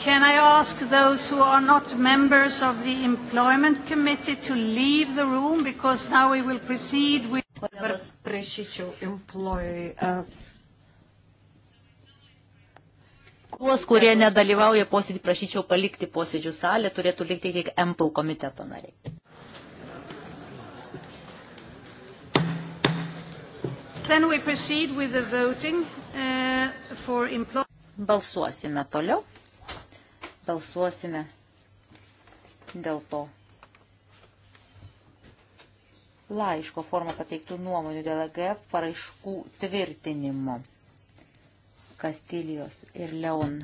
Can I ask those who are not members of the Employment Committee to leave the room because now we will proceed with... Dabar prašyčiau employee... Uh, Tuos, kurie nedalyvauja posėdį, prašyčiau palikti posėdžių salę, turėtų likti tik MPL komiteto nariai. Then we proceed with the voting uh, for employment. Balsuosime toliau balsuosime dėl to. Laiško formą pateiktų nuomonių dėl AGF e paraiškų tvirtinimo. Kastilijos ir Leon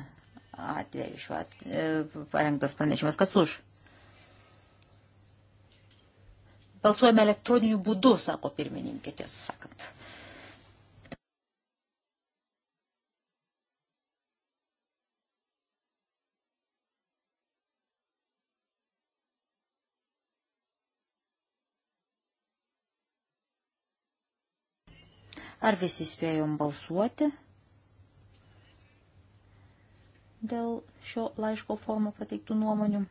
atveju šiuo atveju parengtas pranešimas. Kas už? Balsuojame elektroniniu būdu, sako pirmininkė, tiesą sakant. Ar visi spėjom balsuoti dėl šio laiško formų pateiktų nuomonių?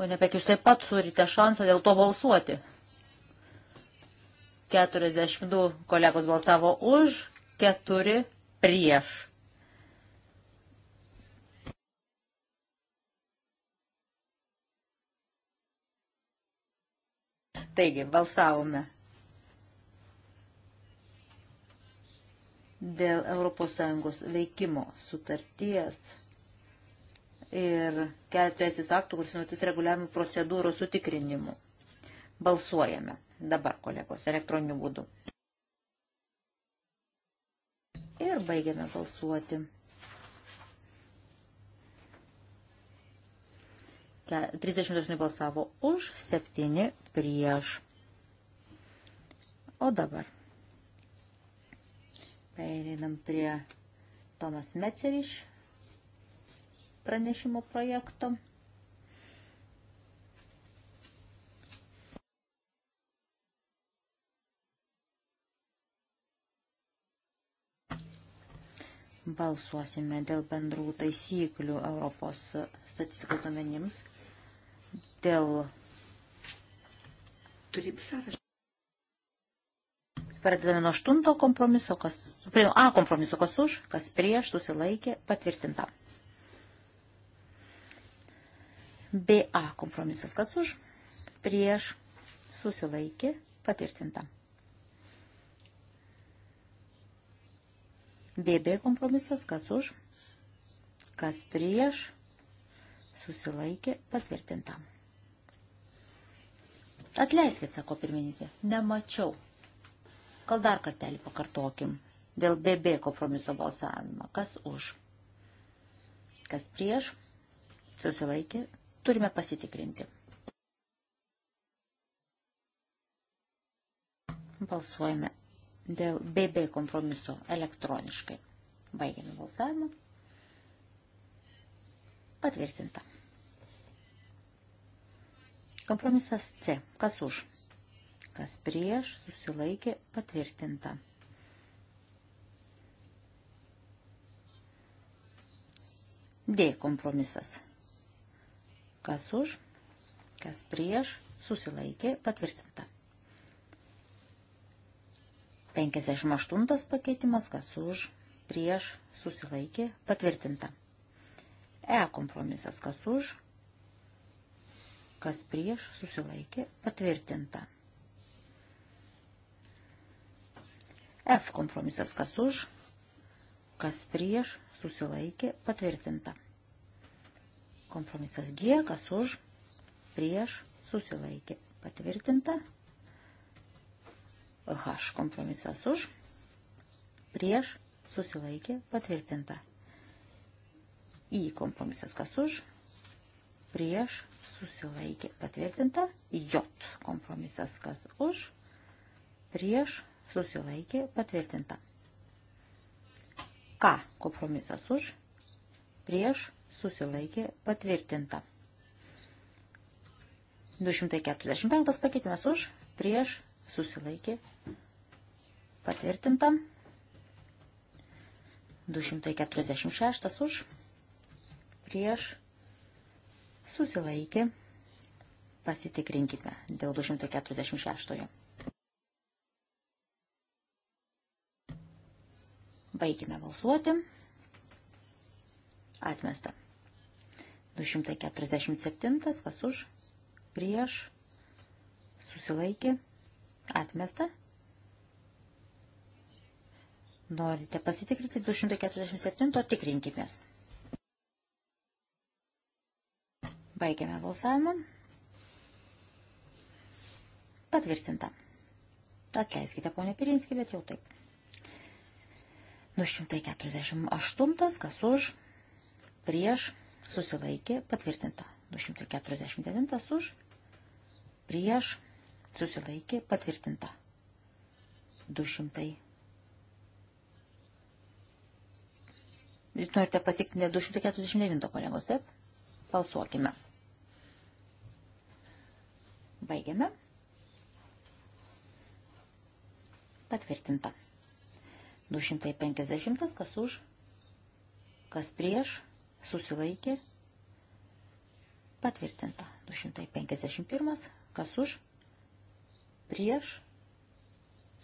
Pone Pek, jūs taip pat turite šansą dėl to balsuoti. 42 kolegos balsavo už, 4 prieš. Taigi, balsavome dėl ES veikimo sutarties ir keletų aktų, kuris nuotis reguliavimo procedūrų sutikrinimu. Balsuojame dabar, kolegos, elektroniniu būdu. Ir baigiame balsuoti. 38 balsavo už, 7 prieš. O dabar pereinam prie Tomas Meceriš pranešimo projekto. balsuosime dėl bendrų taisyklių Europos statistikos domenims dėl turi sąrašą. Pradedame nuo 8 kompromiso, kas, prie A kompromiso, kas už, kas prieš, susilaikė, patvirtinta. BA kompromisas, kas už, prieš, susilaikė, patvirtinta. BB kompromisas, kas už, kas prieš, susilaikė, patvirtinta. Atleiskit, sako pirmininkė, nemačiau. Gal dar kartelį pakartokim dėl BB kompromiso balsavimą. Kas už? Kas prieš? Susilaikė? Turime pasitikrinti. Balsuojame dėl BB kompromiso elektroniškai. Baigiame balsavimą. Patvirtinta. Kompromisas C. Kas už? Kas prieš? Susilaikė patvirtinta. D kompromisas. Kas už, kas prieš, susilaikė, patvirtinta. 58 pakeitimas, kas už, prieš, susilaikė, patvirtinta. E kompromisas, kas už, kas prieš susilaikė patvirtinta. F kompromisas kas už, kas prieš susilaikė patvirtinta. Kompromisas G kas už, prieš susilaikė patvirtinta. H kompromisas už, prieš susilaikė patvirtinta. I kompromisas kas už, prieš susilaikė patvirtinta, J kompromisas kas už, prieš susilaikė patvirtinta. K kompromisas už, prieš susilaikė patvirtinta. 245 pakeitimas už, prieš susilaikė patvirtinta. 246 už, prieš susilaikė, pasitikrinkime dėl 246. Baigime balsuoti. Atmesta. 247, kas už, prieš, susilaikė, atmesta. Norite pasitikrinti 247, tikrinkimės. Baigiame balsavimą. Patvirtinta. Atleiskite, ponė Pirinskė, bet jau taip. 248, kas už, prieš, susilaikė, patvirtinta. 249 už, prieš, susilaikė, patvirtinta. 200. Jūs norite pasiekti ne 249 kolegos, taip? Balsuokime. Baigiame. Patvirtinta. 250, kas už, kas prieš, susilaikė. Patvirtinta. 251, kas už, prieš,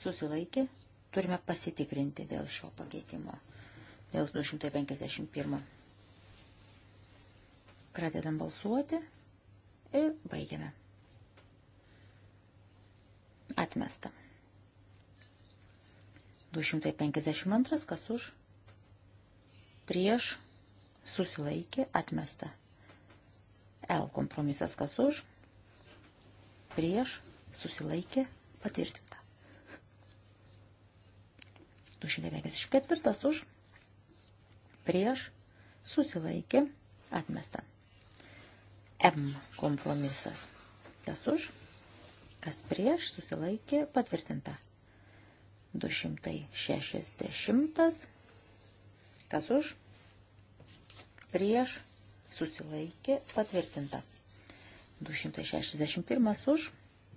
susilaikė. Turime pasitikrinti dėl šio pakeitimo. Dėl 251. Pradedam balsuoti ir baigiame. Atmesta. 252, kas už, prieš, susilaikė, atmesta. L kompromisas, kas už, prieš, susilaikė, patvirtinta. 254 už, prieš, susilaikė, atmesta. M kompromisas, kas už, prieš, Kas prieš susilaikė patvirtinta. 260. Kas už? Prieš susilaikė patvirtinta. 261 už,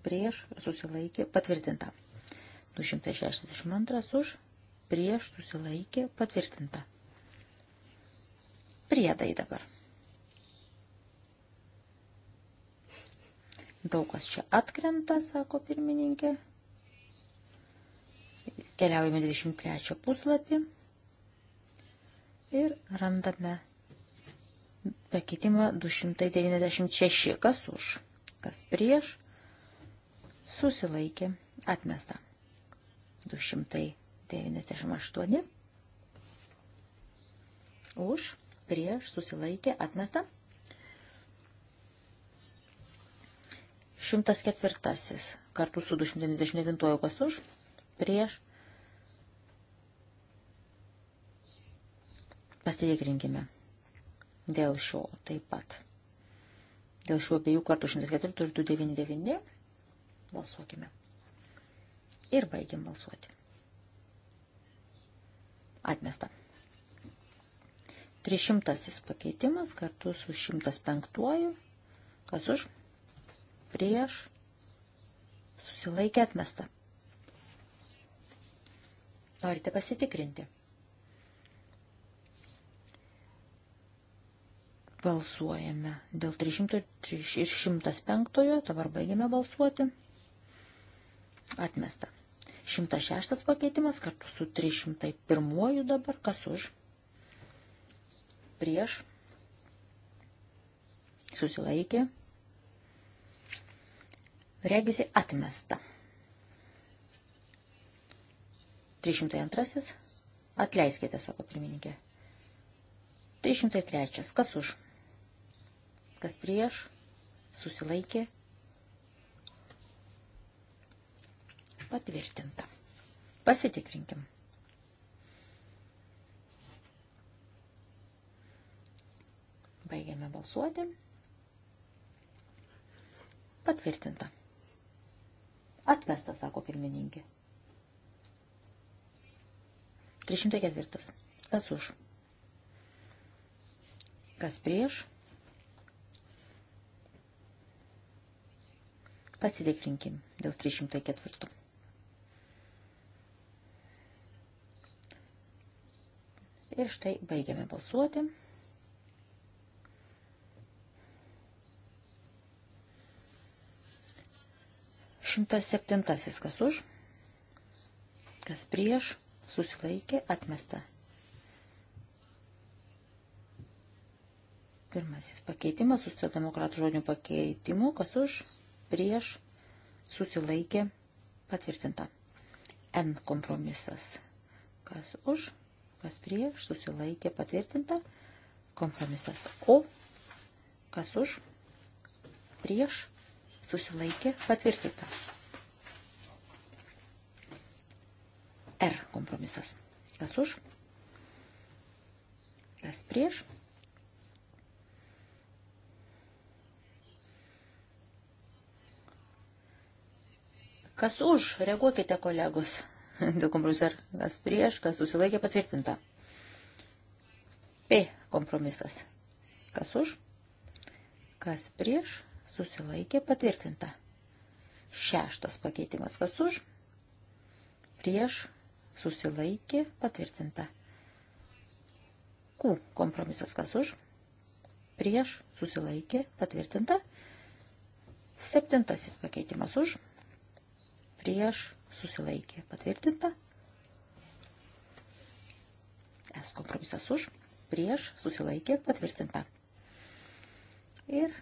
prieš susilaikė patvirtinta. 262 už, prieš susilaikė patvirtinta. Priedai dabar. Daug kas čia atkrenta, sako pirmininkė. Keliaujame 23 puslapį ir randame pakeitimą 296, kas už, kas prieš, susilaikė, atmesta. 298, už, prieš, susilaikė, atmesta. 299. 104 kartu su 299 kas už, prieš. Pasitikrinkime dėl šio taip pat. Dėl šių abiejų kartų 104 ir 299 balsuokime. Ir baigiam balsuoti. Atmesta. 300 pakeitimas kartu su 105. Kas už? prieš, susilaikė atmesta. Norite pasitikrinti. Balsuojame dėl 300 ir 105, dabar baigėme balsuoti. Atmesta. 106 pakeitimas kartu su 301 dabar, kas už, prieš, susilaikė, atmesta Regisi atmesta. 302. Atleiskite, sako pirmininkė. 303. Kas už? Kas prieš? Susilaikė. Patvirtinta. Pasitikrinkim. Baigiame balsuoti. Patvirtinta. Atmesta, sako pirmininkė. 304. Kas už? Kas prieš? Pasitikrinkim dėl 304. Ir štai baigiame balsuoti. 107. Kas už? Kas prieš? Susilaikė atmesta. Pirmasis pakeitimas, socialdemokratų žodinių pakeitimų, kas už, prieš, susilaikė, patvirtinta. N kompromisas. Kas už, kas prieš, susilaikė, patvirtinta. Kompromisas O. Kas už, prieš, susilaikė, patvirtinta. R kompromisas. Kas už? Kas prieš? Kas už? Reaguokite, kolegos. Dėl kompromiso ar kas prieš, kas susilaikė patvirtinta. P kompromisas. Kas už? Kas prieš? susilaikė patvirtinta. Šeštas pakeitimas kas už, prieš, susilaikė patvirtinta. Q kompromisas kas už, prieš, susilaikė patvirtinta. Septintasis pakeitimas už, prieš, susilaikė patvirtinta. S kompromisas už, prieš, susilaikė patvirtinta. Ir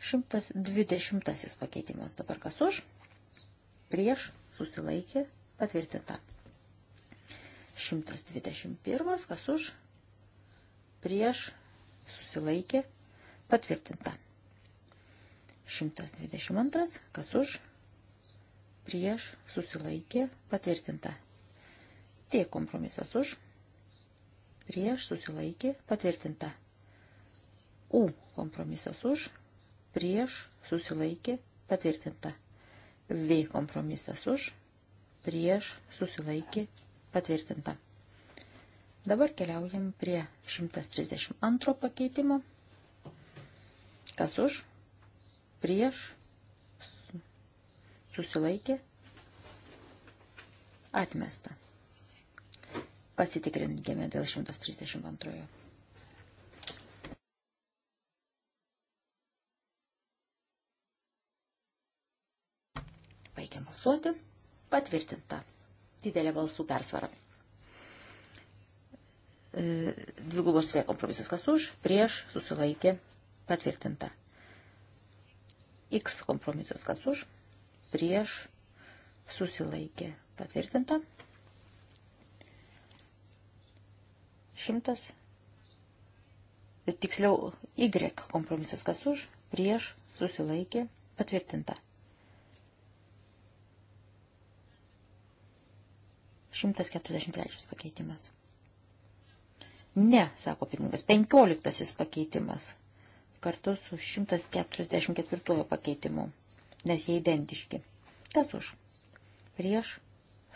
120 pakeitimas dabar kas už, prieš susilaikė patvirtinta. 121 kas už, prieš susilaikė patvirtinta. 122 kas už, prieš susilaikė patvirtinta. T kompromisas už, prieš susilaikė patvirtinta. U kompromisas už, prieš, susilaikė, patvirtinta. V kompromisas už, prieš, susilaikė, patvirtinta. Dabar keliaujam prie 132 pakeitimo. Kas už, prieš, susilaikė, atmesta. Pasitikrinkime dėl 132. balsuoti. Patvirtinta. Didelė balsų persvara. E, dvigubos V kompromisas kas už, prieš, susilaikė, patvirtinta. X kompromisas kas už, prieš, susilaikė, patvirtinta. 100. Tiksliau, Y kompromisas kas už, prieš, susilaikė, patvirtinta. 143 pakeitimas. Ne, sako pirmininkas, 15 pakeitimas kartu su 144 pakeitimu, nes jie identiški. Kas už? Prieš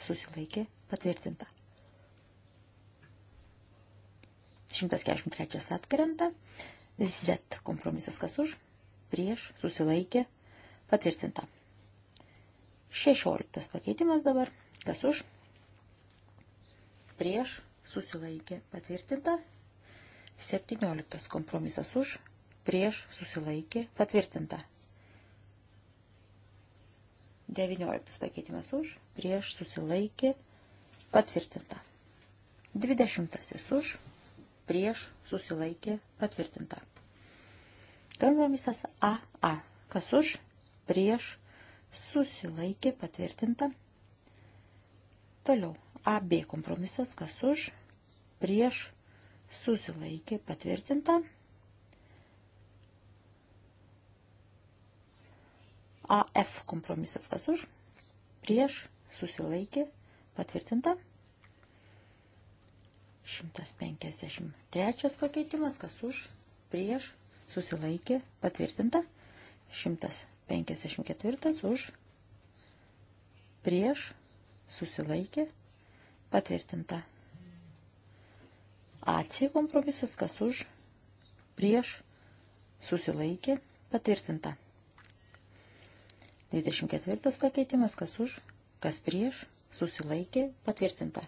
susilaikė patvirtinta. 143 atkrenta. Z kompromisas kas už? Prieš susilaikė patvirtinta. 16 pakeitimas dabar. Kas už? prieš, susilaikė, patvirtinta. 17 kompromisas už, prieš, susilaikė, patvirtinta. 19 pakeitimas už, prieš, susilaikė, patvirtinta. 20 už, prieš, susilaikė, patvirtinta. Kompromisas AA, kas už, prieš, susilaikė, patvirtinta. Toliau. AB kompromisas, kas už, prieš, susilaikė, patvirtinta. AF kompromisas, kas už, prieš, susilaikė, patvirtinta. 153 pakeitimas, kas už, prieš, susilaikė, patvirtinta. 154 už, prieš, susilaikė, patvirtinta patvirtinta. AC kompromisas, kas už, prieš, susilaikė, patvirtinta. 24 pakeitimas, kas už, kas prieš, susilaikė, patvirtinta.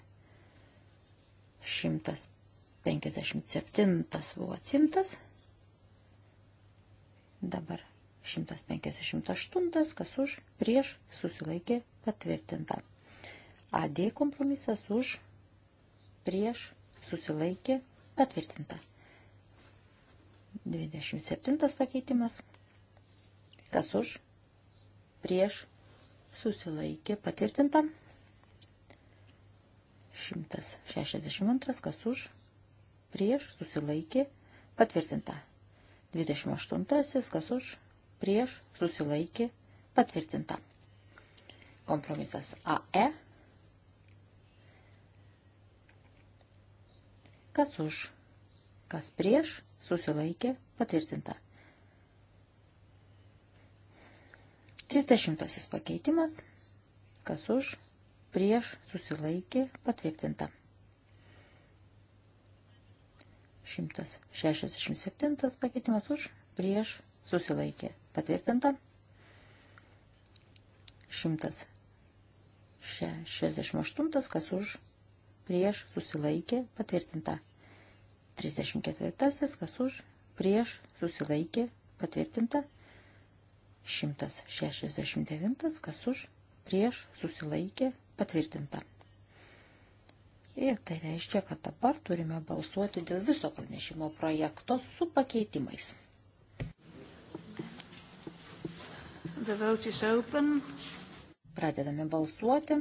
157 buvo atsimtas, dabar 158, kas už, prieš, susilaikė, patvirtinta. AD kompromisas už, prieš, susilaikė, patvirtinta. 27 pakeitimas. Kas už, prieš, susilaikė, patvirtinta. 162 kas už, prieš, susilaikė, patvirtinta. 28 kas už, prieš, susilaikė, patvirtinta. Kompromisas AE Kas už? Kas prieš? Susilaikė. Patvirtinta. 30 pakeitimas. Kas už? Prieš? Susilaikė. Patvirtinta. 167 pakeitimas už, prieš, susilaikė. Patvirtinta. 168 kas už, prieš susilaikė patvirtinta. 34. Kas už prieš susilaikė patvirtinta. 169. Kas už prieš susilaikė patvirtinta. Ir tai reiškia, kad dabar turime balsuoti dėl viso pranešimo projekto su pakeitimais. The vote is open. Pradedame balsuoti.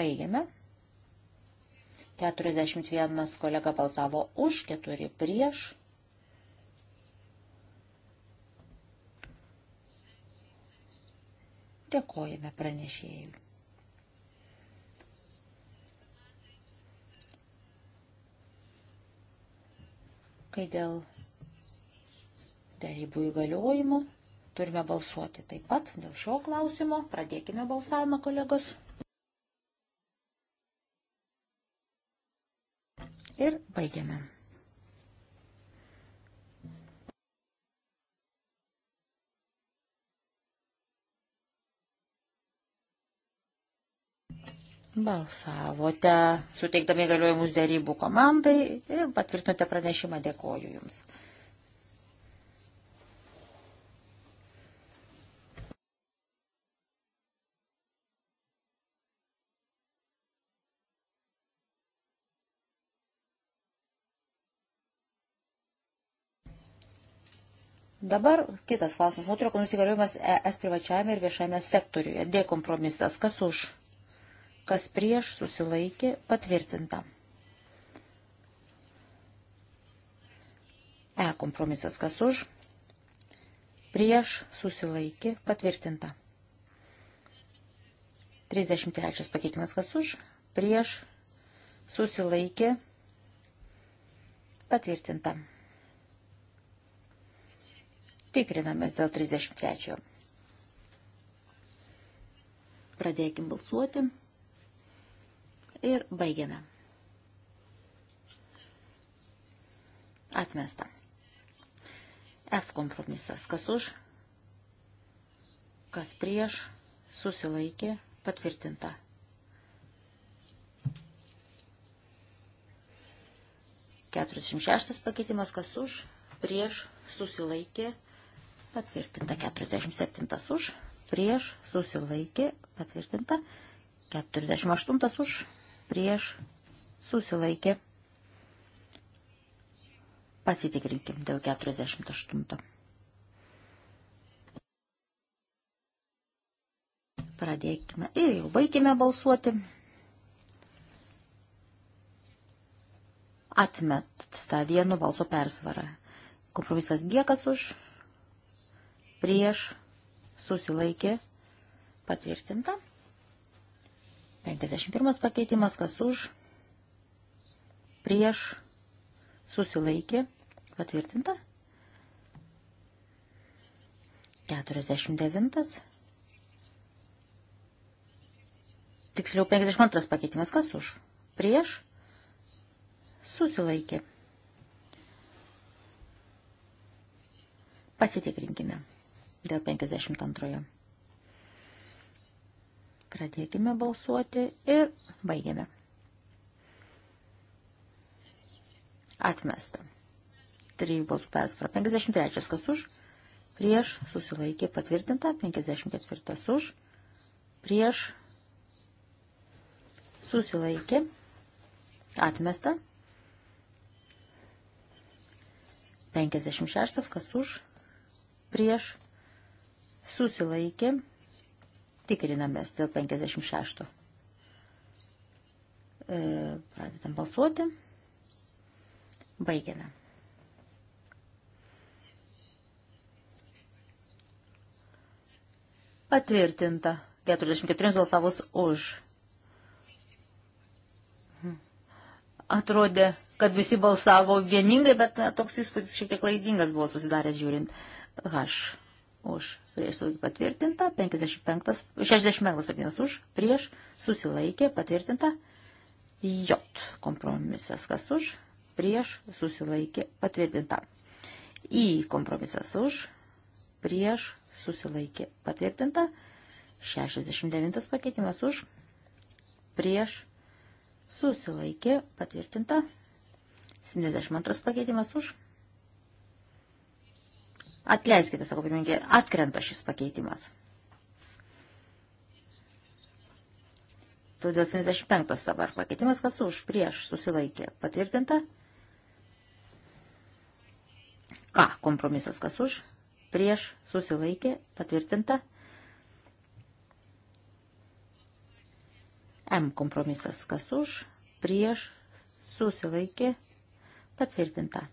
Baigiame. 41 kolega balsavo už, 4 prieš. Dėkojame pranešėjui. Kai dėl darybų įgaliojimų turime balsuoti taip pat dėl šio klausimo. Pradėkime balsavimą, kolegos. Ir baigiame. Balsavote, suteikdami galiojimus dėrybų komandai ir patvirtinote pranešimą. Dėkoju Jums. Dabar kitas klausimas. Moterio ekonominis įgaliojimas ES privačiajame ir viešajame sektoriuje. D kompromisas. Kas už? Kas prieš susilaikė? Patvirtinta. E kompromisas. Kas už? Prieš susilaikė? Patvirtinta. 33 pakeitimas. Kas už? Prieš susilaikė? Patvirtinta. Tikrinamės dėl 33. Pradėkim balsuoti ir baigiame. Atmesta. F kompromisas. Kas už? Kas prieš? Susilaikė. Patvirtinta. Keturiasdešimt šeštas pakeitimas. Kas už? Prieš? Susilaikė. Patvirtinta patvirtinta 47 už, prieš susilaikė patvirtinta 48 už, prieš susilaikė. Pasitikrinkim dėl 48. Pradėkime ir jau baigime balsuoti. Atmet tą vienu balso persvarą. Kompromisas giekas už, prieš, susilaikė, patvirtinta. 51 pakeitimas, kas už, prieš, susilaikė, patvirtinta. 49. Tiksliau 52 pakeitimas, kas už, prieš, susilaikė. Pasitikrinkime dėl 52. Pradėkime balsuoti ir baigiame. Atmesta. 3 balsų persvara. 53 kas už, prieš susilaikė patvirtinta, 54 už, prieš susilaikė atmesta, 56 kas už, prieš susilaikė susilaikė, tikrinamės dėl 56. E, pradedam balsuoti, baigiame. Patvirtinta 44 balsavus už. Atrodė, kad visi balsavo vieningai, bet na, toks įspūdis šiek tiek klaidingas buvo susidaręs žiūrint. H už, prieš susilaikė patvirtinta, 55, 65 pakeitimas už, prieš susilaikė patvirtinta, J kompromisas kas už, prieš susilaikė patvirtinta, I kompromisas už, prieš susilaikė patvirtinta, 69 pakeitimas už, prieš susilaikė patvirtinta, 72 pakeitimas už, prieš susilaikė patvirtinta, Atleiskite, sako pirmininkė, atkrenta šis pakeitimas. Todėl 75 dabar pakeitimas, kas už, prieš, susilaikė, patvirtinta. Ką, kompromisas, kas už, prieš, susilaikė, patvirtinta. M kompromisas, kas už, prieš, susilaikė, patvirtinta.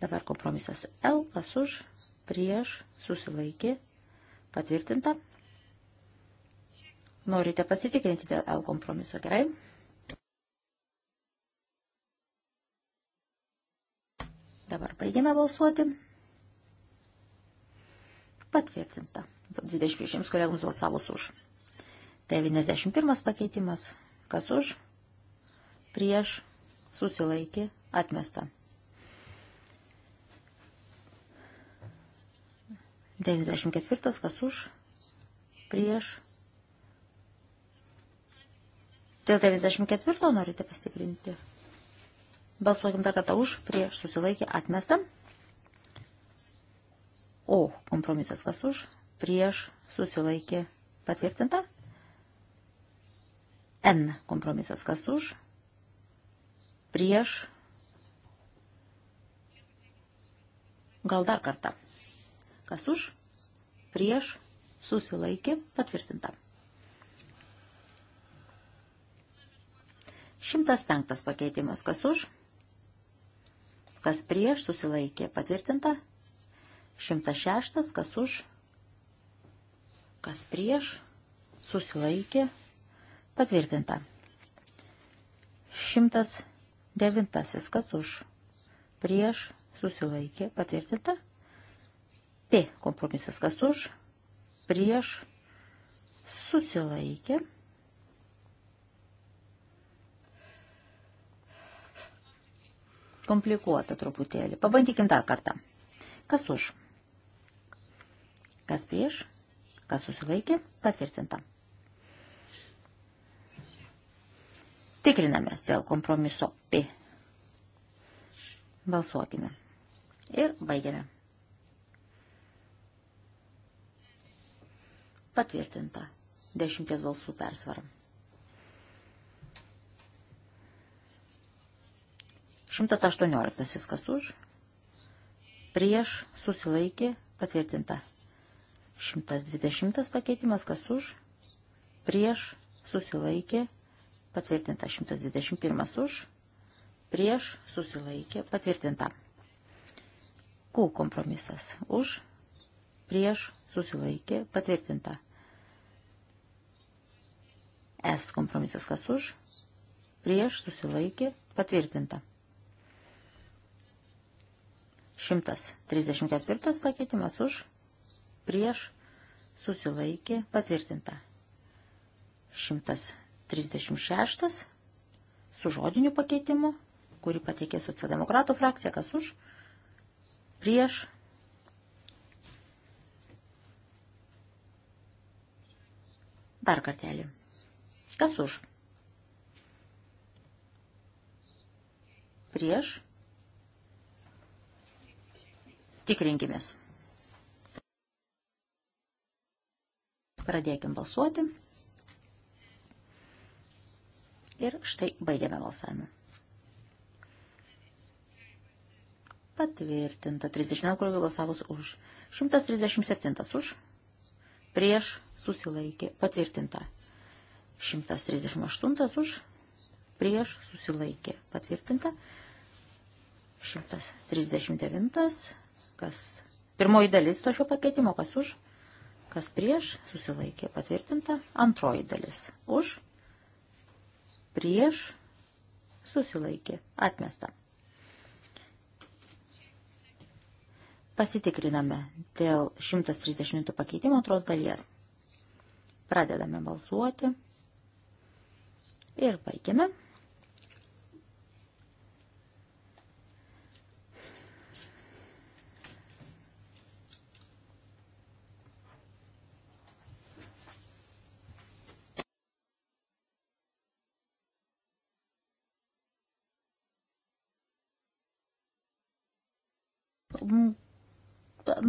Dabar kompromisas L, kas už, prieš, susilaikė, patvirtinta. Norite pasitikrinti dėl L kompromiso, gerai? Dabar baigėme balsuoti. Patvirtinta. 20 kolegams balsavus už. 91 pakeitimas. Kas už? Prieš. Susilaikė. Atmesta. 94 kas už, prieš. Dėl 94 norite pastikrinti. Balsuokim dar kartą už, prieš susilaikė atmestą. O kompromisas kas už, prieš susilaikė patvirtinta. N kompromisas kas už, prieš. Gal dar kartą. Kas už? Prieš susilaikė patvirtinta. 105 pakeitimas. Kas už? Kas prieš susilaikė patvirtinta. 106. Kas už? Kas prieš susilaikė patvirtinta. 109. Kas už? Prieš susilaikė patvirtinta. P kompromisas kas už, prieš, susilaikė. Komplikuota truputėlį. Pabandykim dar kartą. Kas už? Kas prieš? Kas susilaikė? Patvirtinta. Tikrinamės dėl kompromiso P. Balsuokime. Ir baigiame. Patvirtinta. Dešimties balsų persvara. 118 kas už. Prieš susilaikė patvirtinta. 120 pakeitimas kas už. Prieš susilaikė patvirtinta. 121 už. Prieš susilaikė patvirtinta. Q kompromisas už prieš, susilaikė, patvirtinta. S kompromisas kas už, prieš, susilaikė, patvirtinta. 134 pakeitimas už, prieš, susilaikė, patvirtinta. 136 su žodiniu pakeitimu, kurį pateikė socialdemokratų frakcija, kas už, prieš, Dar kartelį. Kas už? Prieš. Tikrinkimės. Pradėkim balsuoti. Ir štai baigėme balsavimą. Patvirtinta. 30 kolegų balsavus už. 137 už. Prieš susilaikė patvirtinta. 138 už, prieš susilaikė patvirtinta. 139, kas pirmoji dalis to šio pakeitimo, kas už, kas prieš susilaikė patvirtinta. Antroji dalis už, prieš susilaikė atmesta. Pasitikriname dėl 130 pakeitimo antros dalies. Pradedame balsuoti ir baigiame.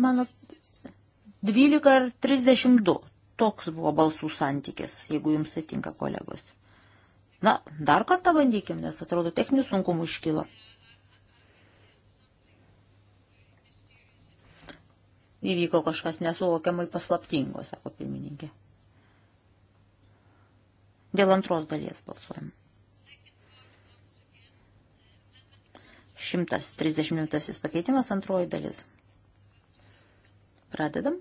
Mano 12 ar 32. Toks buvo balsų santykis, jeigu jums tai tinka, kolegos. Na, dar kartą bandykim, nes atrodo techninių sunkumų iškyla. Įvyko kažkas nesuvokiamai paslaptingo, sako pirmininkė. Dėl antros dalies balsuojam. 130 pakeitimas antroji dalis. Pradedam.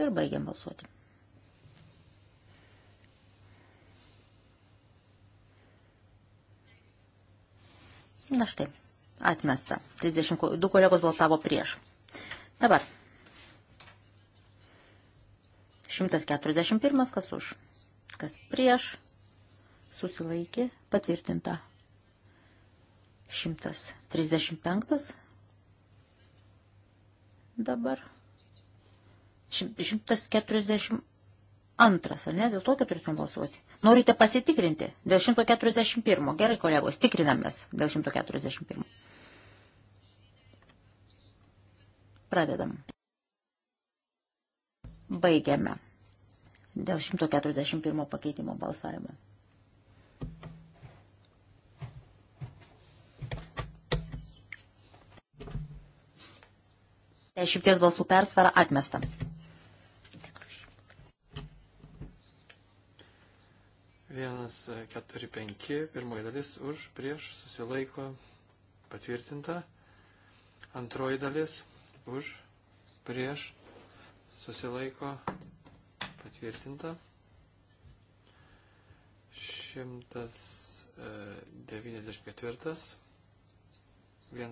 Ir baigiam balsuoti. Na štai, atmesta. 32 kolegos balsavo prieš. Dabar. 141 kas už, kas prieš, susilaikė, patvirtinta. 135 dabar. 142, ar ne, dėl tokio turėtume balsuoti. Norite pasitikrinti dėl 141. Gerai, kolegos, tikrinamės dėl 141. Pradedam. Baigiame dėl 141 pakeitimo balsavimo. Dešimties balsų persvara atmesta. Vienas, e, keturi, penki, pirmoji dalis už, prieš, susilaiko, patvirtinta. Antroji dalis už, prieš, susilaiko, patvirtinta. 194, 142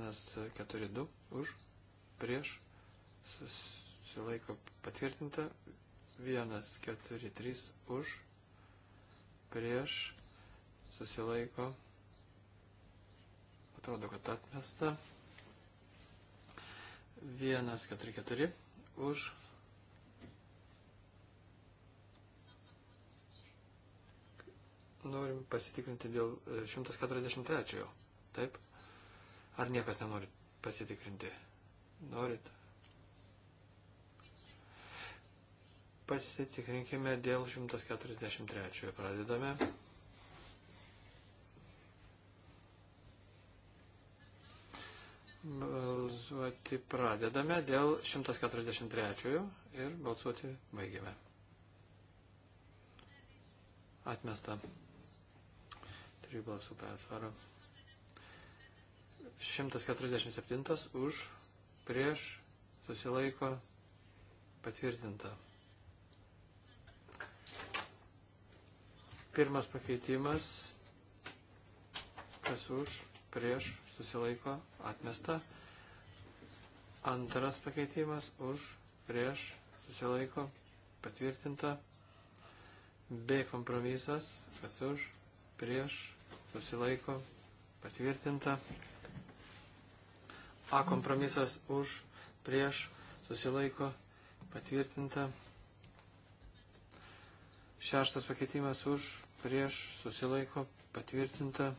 e, e, už, prieš, susilaiko, patvirtinta. 143 už, prieš, susilaiko, atrodo, kad atmesta. 144 už. Norim pasitikrinti dėl 143. E, Taip? Ar niekas nenori pasitikrinti? Norit? Pasitikrinkime dėl 143. Pradedame. Balsuoti pradedame dėl 143 ir balsuoti baigiame. Atmesta. Trijų balsų persvara. 147 už, prieš, susilaiko, patvirtinta. Pirmas pakeitimas, kas už, prieš, susilaiko, atmesta. Antras pakeitimas, už, prieš, susilaiko, patvirtinta. B kompromisas, kas už, prieš, susilaiko, patvirtinta. A kompromisas už, prieš, susilaiko, patvirtinta. Šeštas pakeitimas už, prieš, susilaiko, patvirtinta.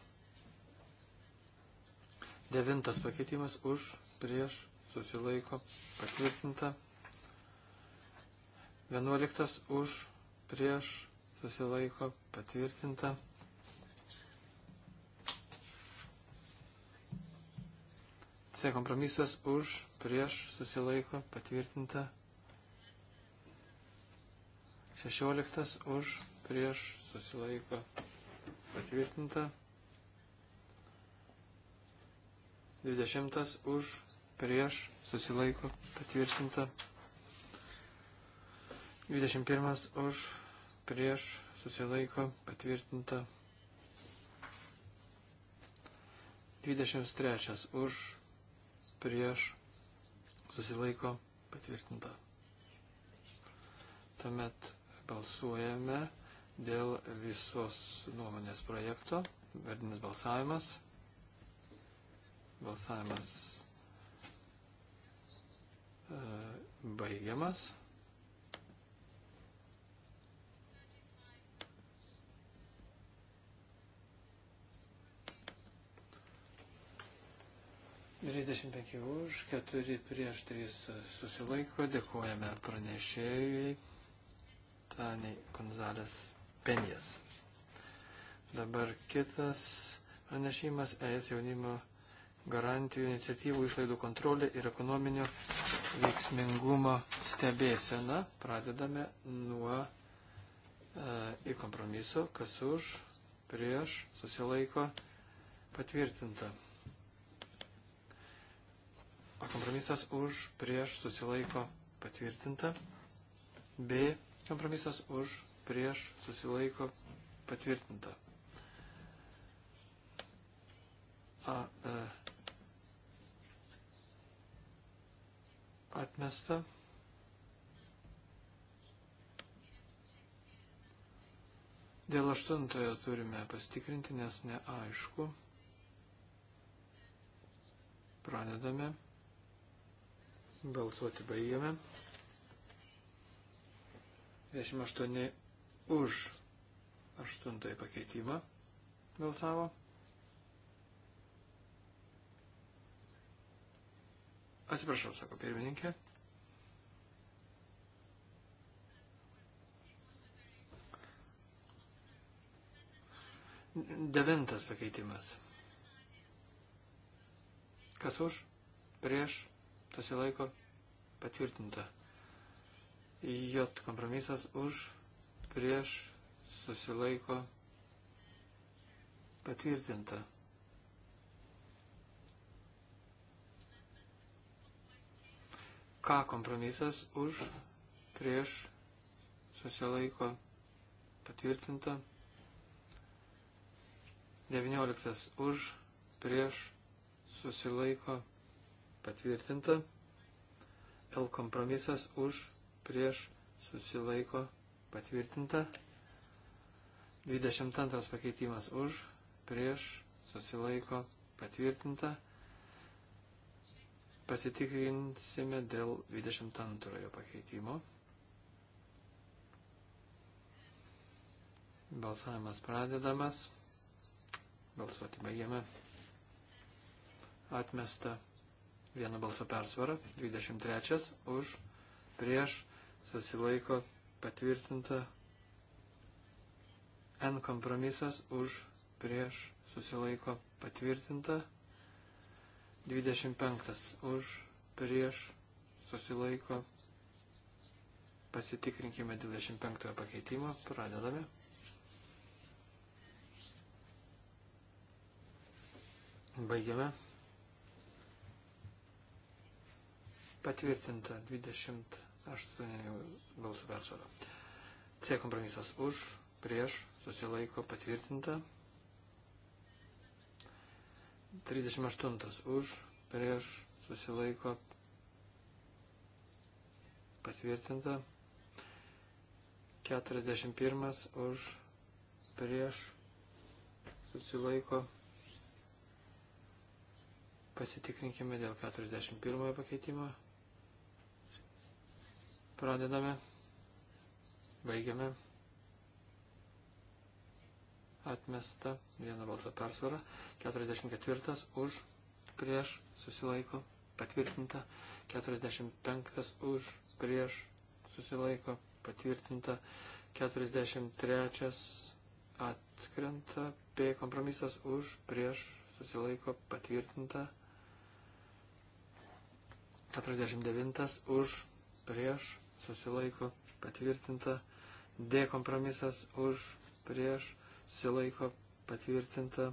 Devintas pakeitimas už, prieš, susilaiko, patvirtinta. Vienuoliktas už, prieš, susilaiko, patvirtinta. C kompromisas už, prieš, susilaiko, patvirtinta. 16 už prieš susilaiko patvirtinta. 20 už prieš susilaiko patvirtinta. 21 už prieš susilaiko patvirtinta. 23 už prieš susilaiko patvirtinta. Tuomet Balsuojame dėl visos nuomonės projekto. Vardinis balsavimas. Balsavimas e, baigiamas. Trisdešimt penki už, keturi prieš trys susilaiko, dėkojame pranešėjai atmesta, nei Gonzalės Penijas. Dabar kitas pranešimas ES jaunimo garantijų iniciatyvų išlaidų kontrolė ir ekonominio veiksmingumo stebėsena. Pradedame nuo e, į kompromiso, kas už, prieš, susilaiko, patvirtinta. O kompromisas už, prieš, susilaiko, patvirtinta. B kompromisas už, prieš, susilaiko, patvirtinta. A, e, atmesta. Dėl aštuntojo turime pastikrinti, nes neaišku. Pradedame. Balsuoti baigiame. 28 už 8 pakeitimą balsavo. Atsiprašau, sako pirmininkė. Devintas pakeitimas. Kas už, prieš, susilaiko, patvirtinta. J kompromisas už, prieš, susilaiko, patvirtinta. K kompromisas už, prieš, susilaiko, patvirtinta. 19 už, prieš, susilaiko, patvirtinta. L kompromisas už, prieš susilaiko patvirtinta. 22 pakeitimas už, prieš susilaiko patvirtinta. Pasitikrinsime dėl 22 pakeitimo. Balsavimas pradedamas. Balsuoti baigiame. Atmesta vieno balso persvara. 23 už prieš susilaiko patvirtinta N kompromisas už prieš susilaiko patvirtinta 25 už prieš susilaiko pasitikrinkime 25 pakeitimo pradedame baigiame patvirtinta 20 8 balsų persvara. C kompromisas už, prieš, susilaiko patvirtinta. 38 už, prieš, susilaiko patvirtinta. 41 už, prieš, susilaiko. Pasitikrinkime dėl 41 pakeitimo. Pradedame. Baigiame. Atmesta vieno balso persvara. 44 už prieš susilaiko patvirtinta. 45 už prieš susilaiko patvirtinta. 43 atkrenta. P kompromisas už prieš susilaiko patvirtinta. 49 už prieš susilaiko patvirtinta, D kompromisas už, prieš, susilaiko patvirtinta.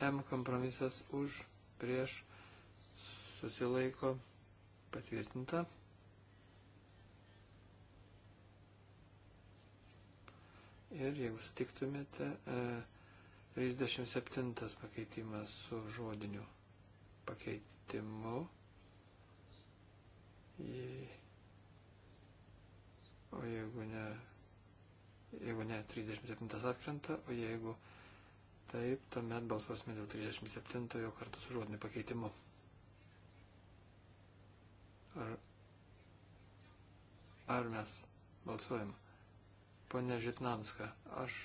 M kompromisas už, prieš, susilaiko patvirtinta. Ir jeigu sutiktumėte, 37 e, pakeitimas su žodiniu pakeitimu. O jeigu ne, jeigu ne 37 atkrenta, o jeigu taip, tuomet balsuosime dėl 37 jo kartu su žodiniu pakeitimu. Ar, ar mes balsuojam? Pone Žitnanska, aš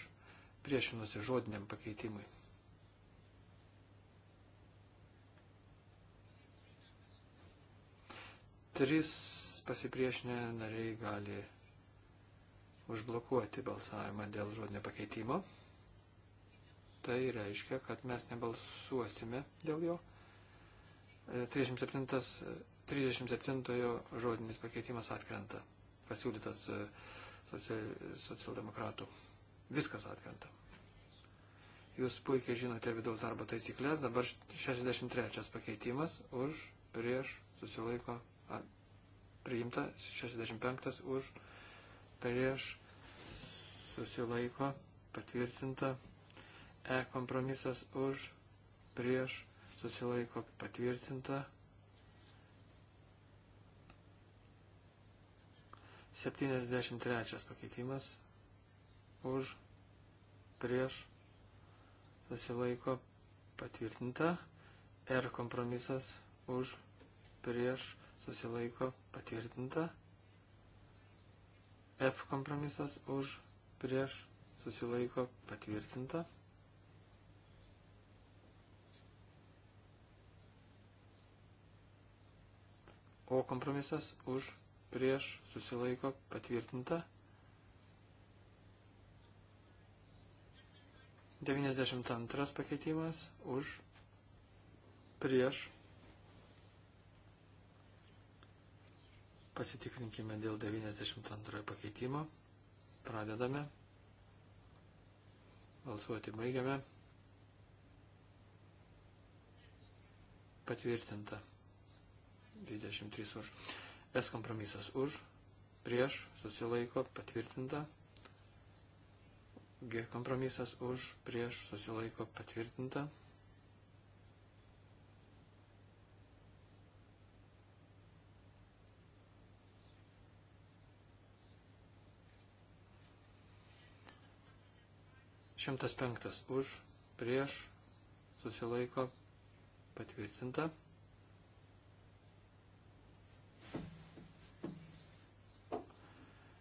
priešinusi žodiniam pakeitimui. Trys pasipriešinę nariai gali užblokuoti balsavimą dėl žodinio pakeitimo. Tai reiškia, kad mes nebalsuosime dėl jo. 37, e, 37 e, žodinis pakeitimas atkrenta, pasiūlytas e, socialdemokratų. Viskas atkrenta. Jūs puikiai žinote vidaus darbo taisyklės, dabar 63 pakeitimas už prieš susilaiko priimta, 65 už, prieš, susilaiko, patvirtinta, E kompromisas už, prieš, susilaiko, patvirtinta. 73 pakeitimas už, prieš, susilaiko, patvirtinta. R kompromisas už, prieš, susilaiko patvirtinta. F kompromisas už prieš susilaiko patvirtinta. O kompromisas už prieš susilaiko patvirtinta. 92 pakeitimas už prieš Pasitikrinkime dėl 92 pakeitimo. Pradedame. Balsuoti baigiame. Patvirtinta. 23 už. S kompromisas už. Prieš. Susilaiko. Patvirtinta. G kompromisas už. Prieš. Susilaiko. Patvirtinta. 105 už, prieš, susilaiko, patvirtinta.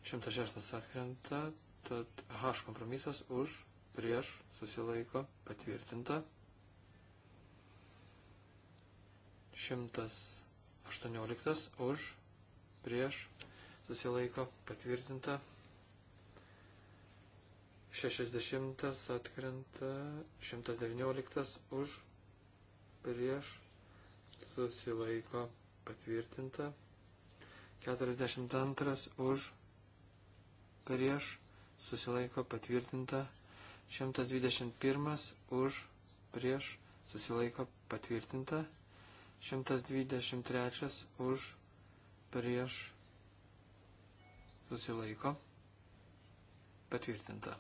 Šimtas šeštas atkrenta, tad H kompromisas už, prieš, susilaiko, patvirtinta. Šimtas aštuonioliktas už, prieš, susilaiko, patvirtinta. 60 atkrenta, 119 už, prieš, susilaiko patvirtinta, 42 už, prieš, susilaiko patvirtinta, 121 už, prieš, susilaiko patvirtinta, 123 už, prieš, susilaiko patvirtinta.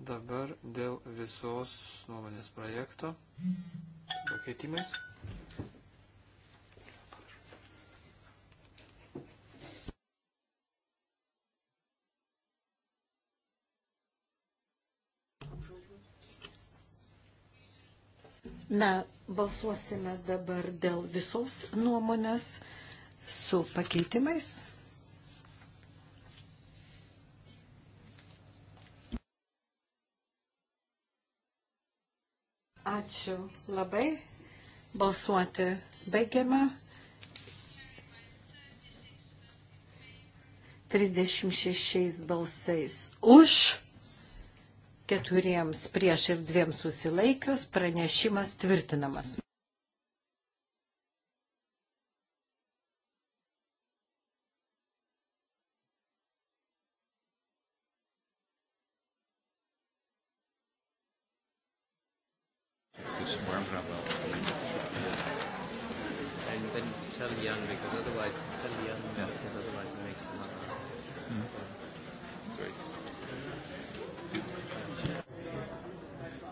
Dabar dėl visos nuomonės projekto pakeitimais. Na, balsuosime dabar dėl visos nuomonės su pakeitimais. Ačiū labai. Balsuoti baigiame. 36 balsais už, keturiems prieš ir dviem susilaikius pranešimas tvirtinamas.